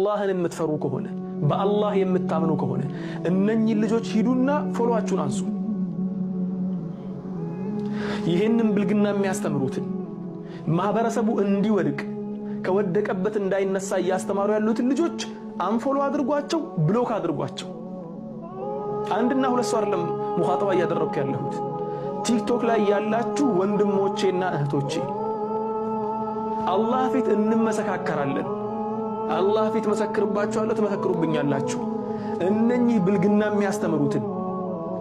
አላህን የምትፈሩ ከሆነ በአላህ የምታምኑ ከሆነ እነኚህ ልጆች ሂዱና ፎሎዋችሁን አንሱ። ይህንም ብልግና የሚያስተምሩትን ማህበረሰቡ እንዲወድቅ ከወደቀበት እንዳይነሳ እያስተማሩ ያሉትን ልጆች አንፎሎ አድርጓቸው፣ ብሎክ አድርጓቸው። አንድና ሁለት ሰው አይደለም ሙኻጠባ እያደረግኩ ያለሁት ቲክቶክ ላይ ያላችሁ ወንድሞቼና እህቶቼ አላህ ፊት እንመሰካከራለን። አላህ ፊት መሰክርባችኋለሁ፣ ትመሰክሩብኛላችሁ። እነኚህ ብልግና የሚያስተምሩትን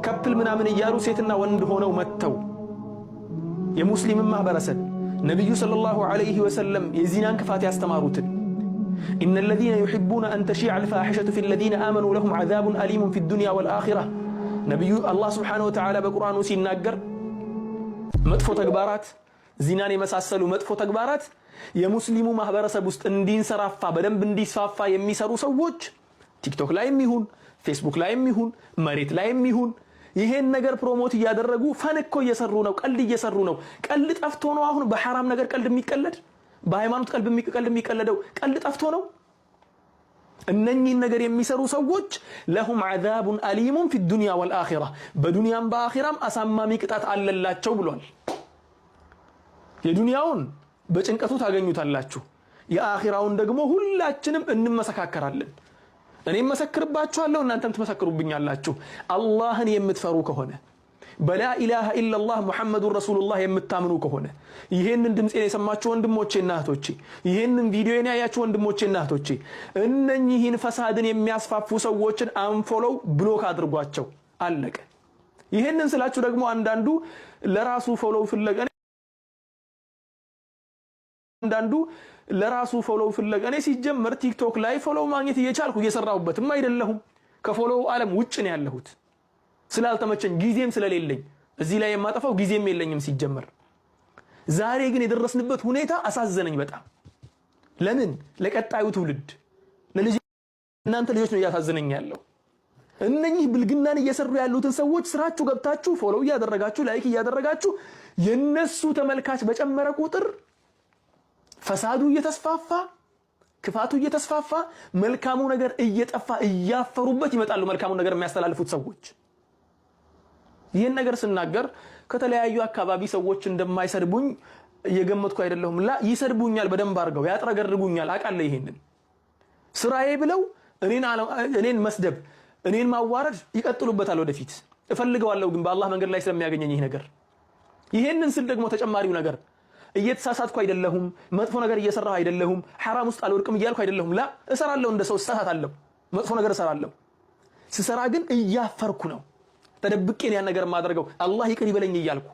ከፕል ምናምን እያሉ ሴትና ወንድ ሆነው መጥተው የሙስሊምን ማህበረሰብ ነቢዩ ሰለላሁ ዐለይሂ ወሰለም የዚናን ክፋት ያስተማሩትን ኢነ ለዚነ ዩሒቡነ አን ተሺዕ አልፋሒሸቱ ፊ ለዚነ አመኑ ለሁም ዐዛቡን አሊሙን ፊ ዱንያ ወልአኺራ ነቢዩ አላህ ስብሓነሁ ወተዓላ በቁርአኑ ሲናገር መጥፎ ተግባራት ዚናን የመሳሰሉ መጥፎ ተግባራት የሙስሊሙ ማህበረሰብ ውስጥ እንዲንሰራፋ በደንብ እንዲስፋፋ የሚሰሩ ሰዎች ቲክቶክ ላይም ይሁን ፌስቡክ ላይም ይሁን መሬት ላይም ይሁን ይሄን ነገር ፕሮሞት እያደረጉ ፈን እኮ እየሰሩ ነው። ቀልድ እየሰሩ ነው። ቀልድ ጠፍቶ ነው አሁን በሐራም ነገር ቀልድ የሚቀለድ በሃይማኖት ቀልድ የሚቀለደው ቀልድ ጠፍቶ ነው። እነኚህን ነገር የሚሰሩ ሰዎች ለሁም ዓዛቡን አሊሙን ፊ ዱንያ ወልአኺራ በዱንያም በአኺራም አሳማሚ ቅጣት አለላቸው ብሏል። የዱንያውን በጭንቀቱ ታገኙታላችሁ። የአኺራውን ደግሞ ሁላችንም እንመሰካከራለን። እኔ መሰክርባችኋለሁ፣ እናንተም ትመሰክሩብኛላችሁ። አላህን የምትፈሩ ከሆነ በላ ኢላሀ ኢላላህ ሙሐመዱን ረሱሉላህ የምታምኑ ከሆነ ይህንን ድምፄን የሰማችሁ ወንድሞቼና እህቶቼ፣ ይህንን ቪዲዮን ያያችሁ ወንድሞቼና እህቶቼ፣ እነኚህን ፈሳድን የሚያስፋፉ ሰዎችን አንፎለው ብሎክ አድርጓቸው። አለቀ። ይህንን ስላችሁ ደግሞ አንዳንዱ ለራሱ ፎሎው ፍለገ አንዳንዱ ለራሱ ፎሎው ፍለጋ እኔ ሲጀመር ቲክቶክ ላይ ፎሎው ማግኘት እየቻልኩ እየሰራሁበትም አይደለሁም። ከፎሎው ዓለም ውጭ ነው ያለሁት ስላልተመቸኝ ጊዜም ስለሌለኝ እዚህ ላይ የማጠፋው ጊዜም የለኝም ሲጀመር። ዛሬ ግን የደረስንበት ሁኔታ አሳዘነኝ በጣም ለምን ለቀጣዩ ትውልድ ለልጅ እናንተ ልጆች ነው እያሳዘነኝ ያለው። እነኚህ ብልግናን እየሰሩ ያሉትን ሰዎች ስራችሁ ገብታችሁ ፎሎው እያደረጋችሁ ላይክ እያደረጋችሁ የነሱ ተመልካች በጨመረ ቁጥር ፈሳዱ እየተስፋፋ ክፋቱ እየተስፋፋ መልካሙ ነገር እየጠፋ እያፈሩበት ይመጣሉ። መልካሙ ነገር የሚያስተላልፉት ሰዎች ይህን ነገር ስናገር ከተለያዩ አካባቢ ሰዎች እንደማይሰድቡኝ እየገመትኩ አይደለሁም። ላ ይሰድቡኛል፣ በደንብ አድርገው ያጥረገድጉኛል። አውቃለሁ። ይሄንን ስራዬ ብለው እኔን መስደብ፣ እኔን ማዋረድ ይቀጥሉበታል። ወደፊት እፈልገዋለሁ፣ ግን በአላህ መንገድ ላይ ስለሚያገኘኝ ይህ ነገር ይሄንን ስል ደግሞ ተጨማሪው ነገር እየተሳሳትኩ አይደለሁም፣ መጥፎ ነገር እየሰራሁ አይደለሁም፣ ሐራም ውስጥ አልወድቅም እያልኩ አይደለሁም። ላ እሰራለሁ፣ እንደ ሰው እሳሳታለሁ፣ መጥፎ ነገር እሰራለሁ። ስሰራ ግን እያፈርኩ ነው፣ ተደብቄን ያን ነገር የማደርገው አላህ ይቅር ይበለኝ እያልኩ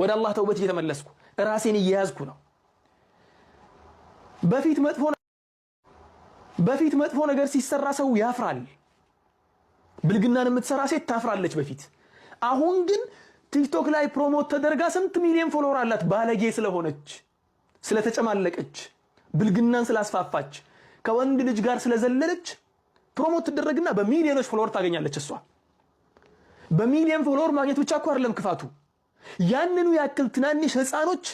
ወደ አላህ ተውበት እየተመለስኩ ራሴን እየያዝኩ ነው። በፊት መጥፎ በፊት መጥፎ ነገር ሲሰራ ሰው ያፍራል። ብልግናን የምትሰራ ሴት ታፍራለች በፊት አሁን ግን ቲክቶክ ላይ ፕሮሞት ተደርጋ ስንት ሚሊዮን ፎሎወር አላት። ባለጌ ስለሆነች፣ ስለተጨማለቀች፣ ብልግናን ስላስፋፋች፣ ከወንድ ልጅ ጋር ስለዘለለች ፕሮሞት ትደረግና በሚሊዮኖች ፎሎወር ታገኛለች። እሷ በሚሊዮን ፎሎወር ማግኘት ብቻ እኮ አይደለም ክፋቱ። ያንኑ ያክል ትናንሽ ህፃኖች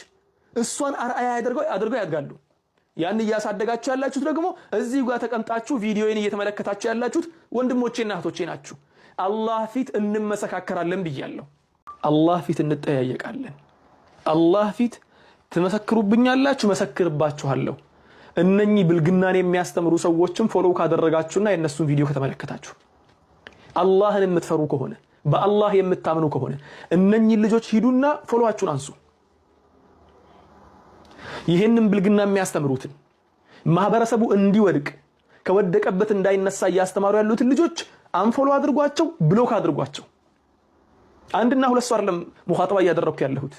እሷን አርአያ አድርገው ያድጋሉ። ያን እያሳደጋችሁ ያላችሁት ደግሞ እዚህ ጋር ተቀምጣችሁ ቪዲዮዬን እየተመለከታችሁ ያላችሁት ወንድሞቼና እህቶቼ ናችሁ። አላህ ፊት እንመሰካከራለን ብያለሁ። አላህ ፊት እንጠያየቃለን። አላህ ፊት ትመሰክሩብኛላችሁ፣ መሰክርባችኋለሁ። እነኚህ ብልግናን የሚያስተምሩ ሰዎችም ፎሎው ካደረጋችሁና የእነሱን ቪዲዮ ከተመለከታችሁ አላህን የምትፈሩ ከሆነ በአላህ የምታምኑ ከሆነ እነኚህ ልጆች ሂዱና ፎሎዋችሁን አንሱ። ይህንን ብልግና የሚያስተምሩትን ማህበረሰቡ እንዲወድቅ ከወደቀበት እንዳይነሳ እያስተማሩ ያሉትን ልጆች አንፎሎ አድርጓቸው፣ ብሎክ አድርጓቸው። አንድና ሁለት ሰው አይደለም ሙኻጠባ እያደረግኩ ያለሁት።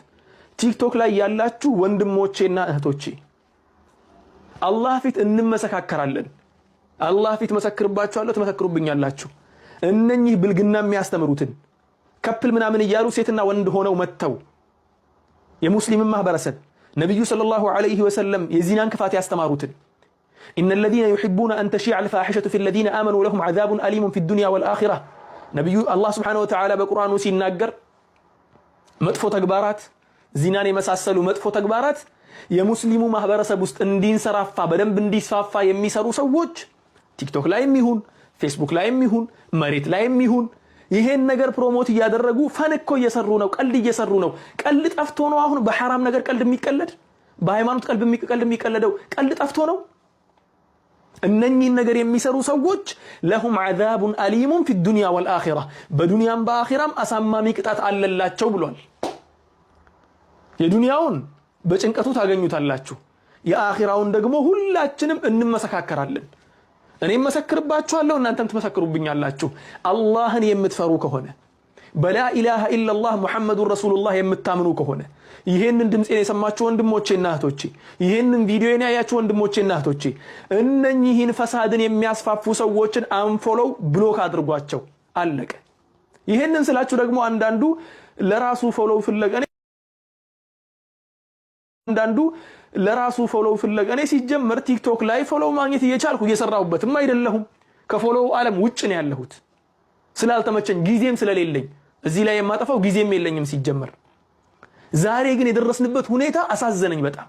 ቲክቶክ ላይ ያላችሁ ወንድሞቼና እህቶቼ አላህ ፊት እንመሰካከራለን። አላህ ፊት መሰክርባችኋለሁ፣ ትመሰክሩብኛላችሁ። እነኚህ ብልግና የሚያስተምሩትን ከፕል ምናምን እያሉ ሴትና ወንድ ሆነው መጥተው የሙስሊምን ማህበረሰብ ነቢዩ ሰለላሁ ዐለይሂ ወሰለም የዚናን ክፋት ያስተማሩትን ኢነ ለዚነ ዩሒቡነ አንተሺዕ አልፋሒሸቱ ፊ ለዚነ አመኑ ለሁም ዐዛቡን አሊሙን ፊ ዱንያ ወልአኺራ ነቢዩ አላህ ስብሐነሁ ወተዓላ በቁርአኑ ሲናገር መጥፎ ተግባራት ዚናን የመሳሰሉ መጥፎ ተግባራት የሙስሊሙ ማህበረሰብ ውስጥ እንዲንሰራፋ በደንብ እንዲስፋፋ የሚሰሩ ሰዎች ቲክቶክ ላይም ይሁን ፌስቡክ ላይም ይሁን መሬት ላይም ይሁን ይሄን ነገር ፕሮሞት እያደረጉ ፈን እኮ እየሰሩ ነው። ቀልድ እየሰሩ ነው። ቀልድ ጠፍቶ ነው አሁን በሐራም ነገር ቀልድ የሚቀለድ በሃይማኖት ቀልድ የሚቀለደው ቀልድ ጠፍቶ ነው። እነኚህን ነገር የሚሰሩ ሰዎች ለሁም ዓዛቡን አሊሙን ፊ ዱንያ ወልአኺራ በዱንያም በአኺራም አሳማሚ ቅጣት አለላቸው ብሏል። የዱንያውን በጭንቀቱ ታገኙታላችሁ፣ የአኺራውን ደግሞ ሁላችንም እንመሰካከራለን። እኔም መሰክርባችኋለሁ፣ እናንተም ትመሰክሩብኛላችሁ። አላህን የምትፈሩ ከሆነ በላኢላሃ ኢላሃ ኢላላህ ሙሐመዱን ረሱሉላህ የምታምኑ ከሆነ ይህንን ድምፄን የሰማችሁ ወንድሞቼና እህቶቼ፣ ይህንን ቪዲዮን ያያችሁ ወንድሞቼና እህቶቼ እነኚህን ፈሳድን የሚያስፋፉ ሰዎችን አንፎሎው ብሎክ አድርጓቸው። አለቀ። ይህንን ስላችሁ ደግሞ አንዳንዱ ለራሱ ፎሎው ፍለጋ አንዳንዱ ለራሱ ፎሎው ፍለጋ እኔ ሲጀመር ቲክቶክ ላይ ፎሎው ማግኘት እየቻልኩ እየሰራሁበትም አይደለሁም። ከፎሎው ዓለም ውጭ ነው ያለሁት ስላልተመቸኝ ጊዜም ስለሌለኝ እዚህ ላይ የማጠፋው ጊዜም የለኝም ሲጀመር። ዛሬ ግን የደረስንበት ሁኔታ አሳዘነኝ በጣም።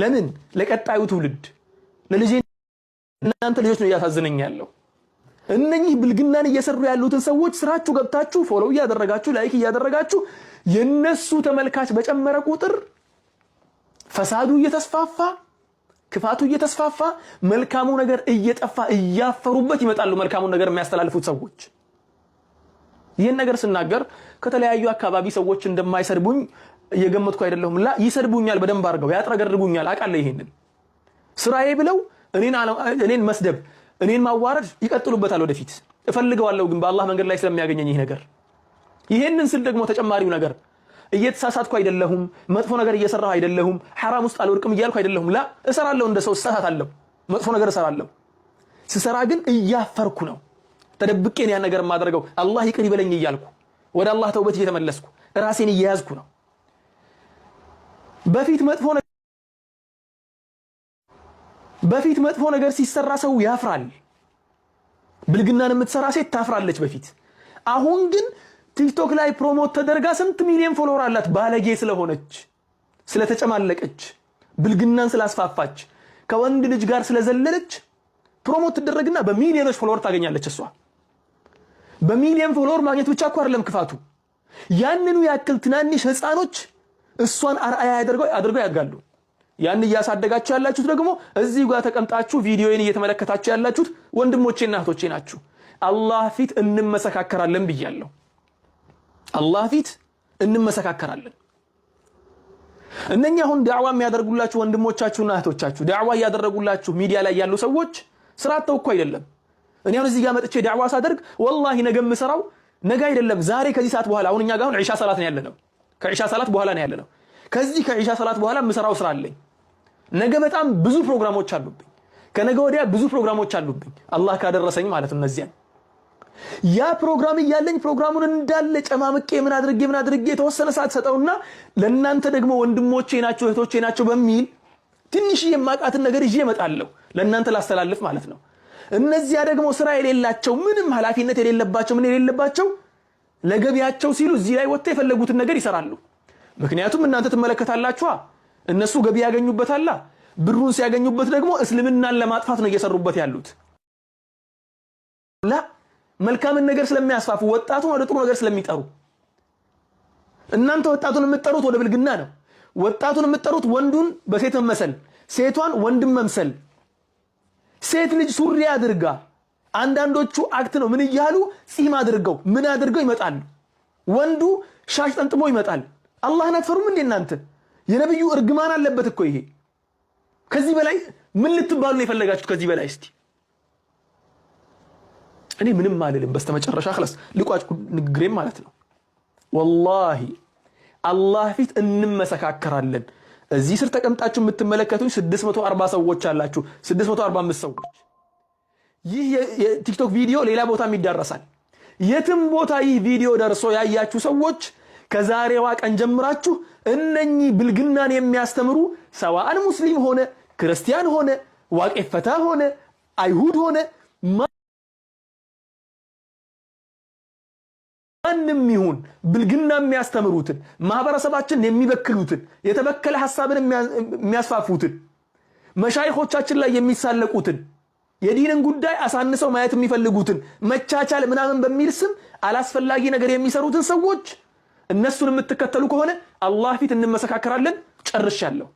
ለምን ለቀጣዩ ትውልድ ለልጄ እናንተ ልጆች ነው እያሳዘነኝ ያለው። እነኚህ ብልግናን እየሰሩ ያሉትን ሰዎች ስራችሁ ገብታችሁ ፎሎው እያደረጋችሁ ላይክ እያደረጋችሁ የነሱ ተመልካች በጨመረ ቁጥር ፈሳዱ እየተስፋፋ ክፋቱ እየተስፋፋ መልካሙ ነገር እየጠፋ እያፈሩበት ይመጣሉ። መልካሙን ነገር የሚያስተላልፉት ሰዎች ይህን ነገር ስናገር ከተለያዩ አካባቢ ሰዎች እንደማይሰድቡኝ እየገመትኩ አይደለሁም። ላ ይሰድቡኛል፣ በደንብ አድርገው ያጥረገድቡኛል። አውቃለሁ። ይሄንን ስራዬ ብለው እኔን መስደብ፣ እኔን ማዋረድ ይቀጥሉበታል። ወደፊት እፈልገዋለሁ፣ ግን በአላህ መንገድ ላይ ስለሚያገኘኝ ይህ ነገር። ይሄንን ስል ደግሞ ተጨማሪው ነገር እየተሳሳትኩ አይደለሁም፣ መጥፎ ነገር እየሰራሁ አይደለሁም፣ ሐራም ውስጥ አልወድቅም እያልኩ አይደለሁም። ላ እሰራለሁ፣ እንደ ሰው እሳሳታለሁ፣ መጥፎ ነገር እሰራለሁ። ስሰራ ግን እያፈርኩ ነው። ተደብቄን ያን ነገር የማደርገው አላህ ይቅር ይበለኝ እያልኩ ወደ አላህ ተውበት እየተመለስኩ ራሴን እየያዝኩ ነው። በፊት መጥፎ በፊት መጥፎ ነገር ሲሰራ ሰው ያፍራል። ብልግናን የምትሰራ ሴት ታፍራለች በፊት። አሁን ግን ቲክቶክ ላይ ፕሮሞት ተደርጋ ስንት ሚሊዮን ፎሎወር አላት። ባለጌ ስለሆነች፣ ስለተጨማለቀች፣ ብልግናን ስላስፋፋች፣ ከወንድ ልጅ ጋር ስለዘለለች ፕሮሞት ትደረግና በሚሊዮኖች ፎሎወር ታገኛለች እሷ። በሚሊየን ፎሎወር ማግኘት ብቻ እኮ አይደለም ክፋቱ። ያንኑ ያክል ትናንሽ ህፃኖች እሷን አርአያ አድርገው ያድጋሉ። ያን እያሳደጋችሁ ያላችሁት ደግሞ እዚህ ጋር ተቀምጣችሁ ቪዲዮን እየተመለከታችሁ ያላችሁት ወንድሞቼና እህቶቼ ናችሁ። አላህ ፊት እንመሰካከራለን ብያለሁ። አላህ ፊት እንመሰካከራለን። እነኛ አሁን ዳዕዋ የሚያደርጉላችሁ ወንድሞቻችሁና እህቶቻችሁ ዳዕዋ እያደረጉላችሁ ሚዲያ ላይ ያሉ ሰዎች ስራ አጥተው እኮ አይደለም እኔ አሁን እዚህ ጋር መጥቼ ዳዕዋ ሳደርግ ወላሂ ነገ የምሰራው ነገ አይደለም ዛሬ ከዚህ ሰዓት በኋላ አሁን እኛ ጋር አሁን ዒሻ ሰላት ነው ያለነው። ከዒሻ ሰላት በኋላ ነው ያለነው። ከዚህ ከዒሻ ሰላት በኋላ የምሰራው ስራ አለኝ። ነገ በጣም ብዙ ፕሮግራሞች አሉብኝ። ከነገ ወዲያ ብዙ ፕሮግራሞች አሉብኝ። አላህ ካደረሰኝ ማለት እነዚያን ያ ፕሮግራም እያለኝ ፕሮግራሙን እንዳለ ጨማምቄ ምን አድርጌ ምን አድርጌ የተወሰነ ሰዓት ሰጠውና ለእናንተ ደግሞ ወንድሞቼ ናቸው እህቶቼ ናቸው በሚል ትንሽ የማቃትን ነገር ይዤ እመጣለሁ። ለእናንተ ላስተላልፍ ማለት ነው። እነዚያ ደግሞ ስራ የሌላቸው ምንም ኃላፊነት የሌለባቸው ምን የሌለባቸው ለገቢያቸው ሲሉ እዚህ ላይ ወጥተው የፈለጉትን ነገር ይሰራሉ። ምክንያቱም እናንተ ትመለከታላችኋ፣ እነሱ ገቢ ያገኙበታላ። ብሩን ሲያገኙበት ደግሞ እስልምናን ለማጥፋት ነው እየሰሩበት ያሉት። ላ መልካምን ነገር ስለሚያስፋፉ ወጣቱን ወደ ጥሩ ነገር ስለሚጠሩ እናንተ ወጣቱን የምትጠሩት ወደ ብልግና ነው። ወጣቱን የምትጠሩት ወንዱን በሴት መመሰል፣ ሴቷን ወንድም መምሰል ሴት ልጅ ሱሪ አድርጋ አንዳንዶቹ አክት ነው ምን እያሉ ጺም አድርገው ምን አድርገው ይመጣሉ። ወንዱ ሻሽ ጠንጥሞ ይመጣል። አላህን አትፈሩም እንዴ እናንተ? የነብዩ እርግማን አለበት እኮ ይሄ። ከዚህ በላይ ምን ልትባሉ ነው የፈለጋችሁት? ከዚህ በላይ እስቲ እኔ ምንም አልልም። በስተመጨረሻ ክላስ ልቋጭ ንግግሬም ማለት ነው ወላሂ አላህ ፊት እንመሰካከራለን። እዚህ ስር ተቀምጣችሁ የምትመለከቱኝ 640 ሰዎች አላችሁ፣ 645 ሰዎች። ይህ የቲክቶክ ቪዲዮ ሌላ ቦታም ይዳረሳል። የትም ቦታ ይህ ቪዲዮ ደርሶ ያያችሁ ሰዎች ከዛሬዋ ቀን ጀምራችሁ እነኚህ ብልግናን የሚያስተምሩ ሰዋአን ሙስሊም ሆነ ክርስቲያን ሆነ ዋቄፈታ ፈታ ሆነ አይሁድ ሆነ የሚያስተምሩን ብልግና የሚያስተምሩትን ማህበረሰባችንን የሚበክሉትን የተበከለ ሐሳብን የሚያስፋፉትን መሻይኾቻችን ላይ የሚሳለቁትን የዲንን ጉዳይ አሳንሰው ማየት የሚፈልጉትን መቻቻል ምናምን በሚል ስም አላስፈላጊ ነገር የሚሰሩትን ሰዎች እነሱን የምትከተሉ ከሆነ አላህ ፊት እንመሰካከራለን። ጨርሻለሁ።